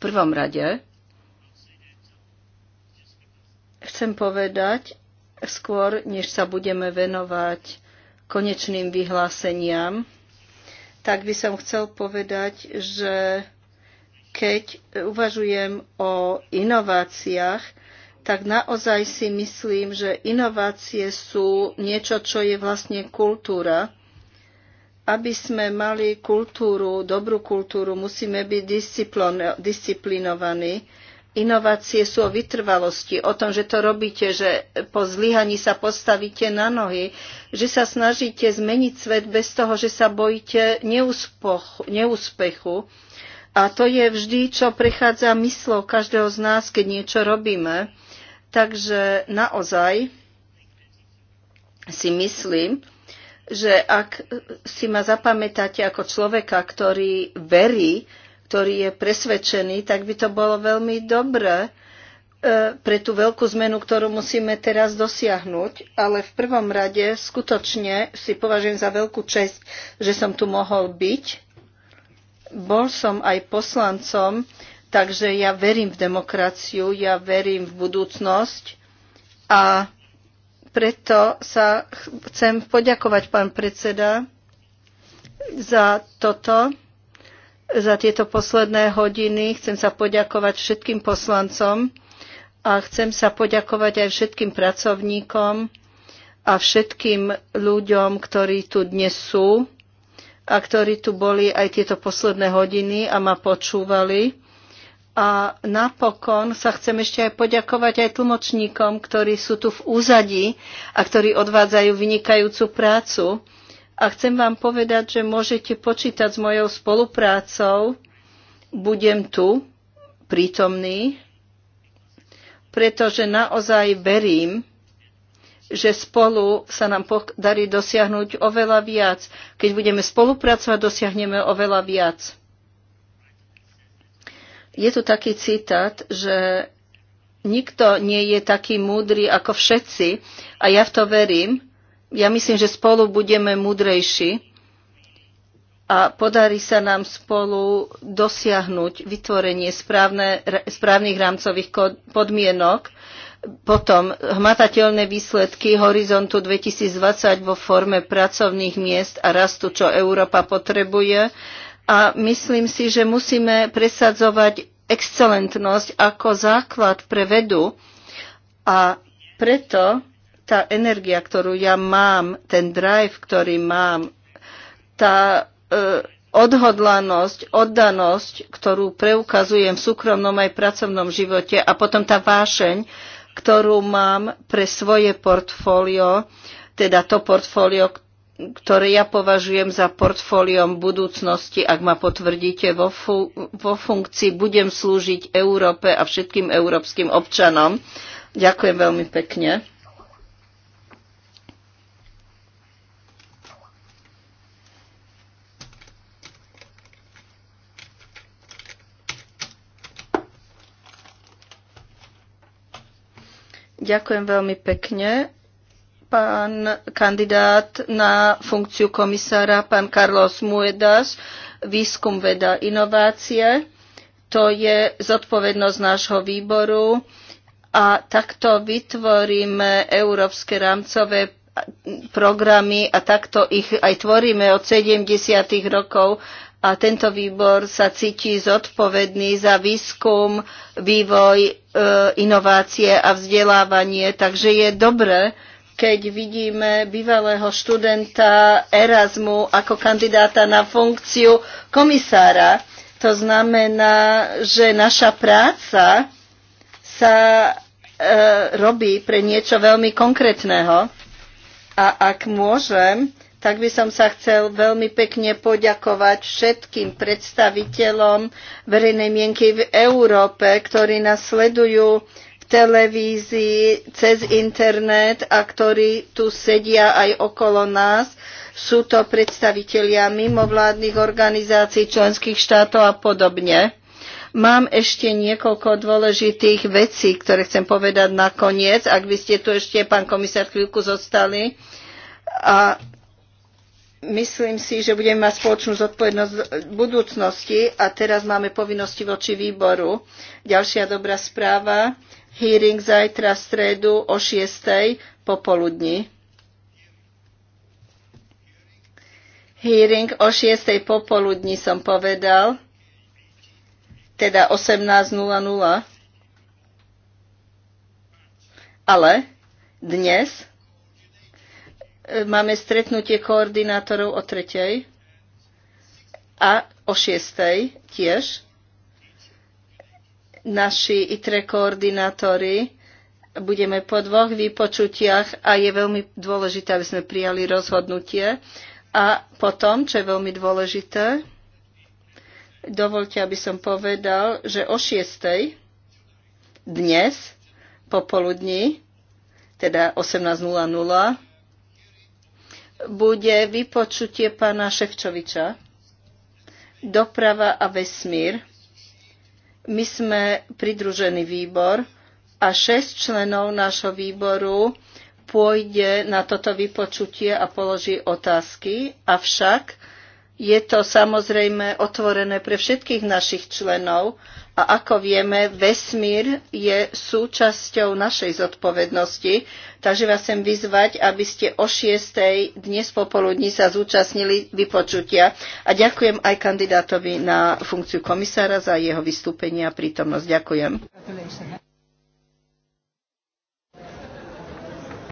prvom rade chcem povedať, skôr než sa budeme venovať konečným vyhláseniam, tak by som chcel povedať, že keď uvažujem o inováciách, tak naozaj si myslím, že inovácie sú niečo, čo je vlastne kultúra aby sme mali kultúru, dobrú kultúru, musíme byť disciplinovaní. Inovácie sú o vytrvalosti, o tom, že to robíte, že po zlyhaní sa postavíte na nohy, že sa snažíte zmeniť svet bez toho, že sa bojíte neúspochu, neúspechu. A to je vždy, čo prechádza myslou každého z nás, keď niečo robíme. Takže naozaj si myslím, že ak si ma zapamätáte ako človeka, ktorý verí, ktorý je presvedčený, tak by to bolo veľmi dobré e, pre tú veľkú zmenu, ktorú musíme teraz dosiahnuť. Ale v prvom rade skutočne si považujem za veľkú čest, že som tu mohol byť. Bol som aj poslancom, takže ja verím v demokraciu, ja verím v budúcnosť a preto sa chcem poďakovať, pán predseda, za toto, za tieto posledné hodiny. Chcem sa poďakovať všetkým poslancom a chcem sa poďakovať aj všetkým pracovníkom a všetkým ľuďom, ktorí tu dnes sú a ktorí tu boli aj tieto posledné hodiny a ma počúvali. A napokon sa chcem ešte aj poďakovať aj tlmočníkom, ktorí sú tu v úzadí a ktorí odvádzajú vynikajúcu prácu. A chcem vám povedať, že môžete počítať s mojou spoluprácou. Budem tu prítomný, pretože naozaj verím, že spolu sa nám podarí dosiahnuť oveľa viac. Keď budeme spolupracovať, dosiahneme oveľa viac. Je tu taký citát, že nikto nie je taký múdry ako všetci a ja v to verím. Ja myslím, že spolu budeme múdrejší a podarí sa nám spolu dosiahnuť vytvorenie správne, správnych rámcových podmienok, potom hmatateľné výsledky horizontu 2020 vo forme pracovných miest a rastu, čo Európa potrebuje. A myslím si, že musíme presadzovať excelentnosť ako základ pre vedu a preto tá energia, ktorú ja mám, ten drive, ktorý mám, tá e, odhodlanosť, oddanosť, ktorú preukazujem v súkromnom aj pracovnom živote a potom tá vášeň, ktorú mám pre svoje portfólio, teda to portfólio, ktoré ja považujem za portfóliom budúcnosti, ak ma potvrdíte vo, fu- vo funkcii, budem slúžiť Európe a všetkým európskym občanom. Ďakujem veľmi pekne. Ďakujem veľmi pekne. Pán kandidát na funkciu komisára, pán Carlos Muedas, výskum veda inovácie. To je zodpovednosť nášho výboru a takto vytvoríme európske rámcové programy a takto ich aj tvoríme od 70. rokov a tento výbor sa cíti zodpovedný za výskum, vývoj, e, inovácie a vzdelávanie. Takže je dobré, keď vidíme bývalého študenta Erasmu ako kandidáta na funkciu komisára. To znamená, že naša práca sa e, robí pre niečo veľmi konkrétneho. A ak môžem, tak by som sa chcel veľmi pekne poďakovať všetkým predstaviteľom verejnej mienky v Európe, ktorí nás sledujú v televízii, cez internet a ktorí tu sedia aj okolo nás. Sú to predstavitelia mimovládnych organizácií, členských štátov a podobne. Mám ešte niekoľko dôležitých vecí, ktoré chcem povedať nakoniec, ak by ste tu ešte, pán komisár, chvíľku zostali. A Myslím si, že budeme mať spoločnú zodpovednosť v budúcnosti a teraz máme povinnosti voči výboru. Ďalšia dobrá správa. Hearing zajtra v stredu o 6. popoludní. Hearing o 6. popoludní som povedal, teda 18.00. Ale dnes máme stretnutie koordinátorov o tretej a o šiestej tiež. Naši ITRE koordinátori budeme po dvoch výpočutiach a je veľmi dôležité, aby sme prijali rozhodnutie. A potom, čo je veľmi dôležité, dovolte, aby som povedal, že o šiestej dnes popoludní, teda 18.00, bude vypočutie pána Ševčoviča. Doprava a vesmír. My sme pridružený výbor a šesť členov nášho výboru pôjde na toto vypočutie a položí otázky, avšak je to samozrejme otvorené pre všetkých našich členov a ako vieme, vesmír je súčasťou našej zodpovednosti, takže vás chcem vyzvať, aby ste o 6. dnes popoludní sa zúčastnili vypočutia a ďakujem aj kandidátovi na funkciu komisára za jeho vystúpenie a prítomnosť. Ďakujem.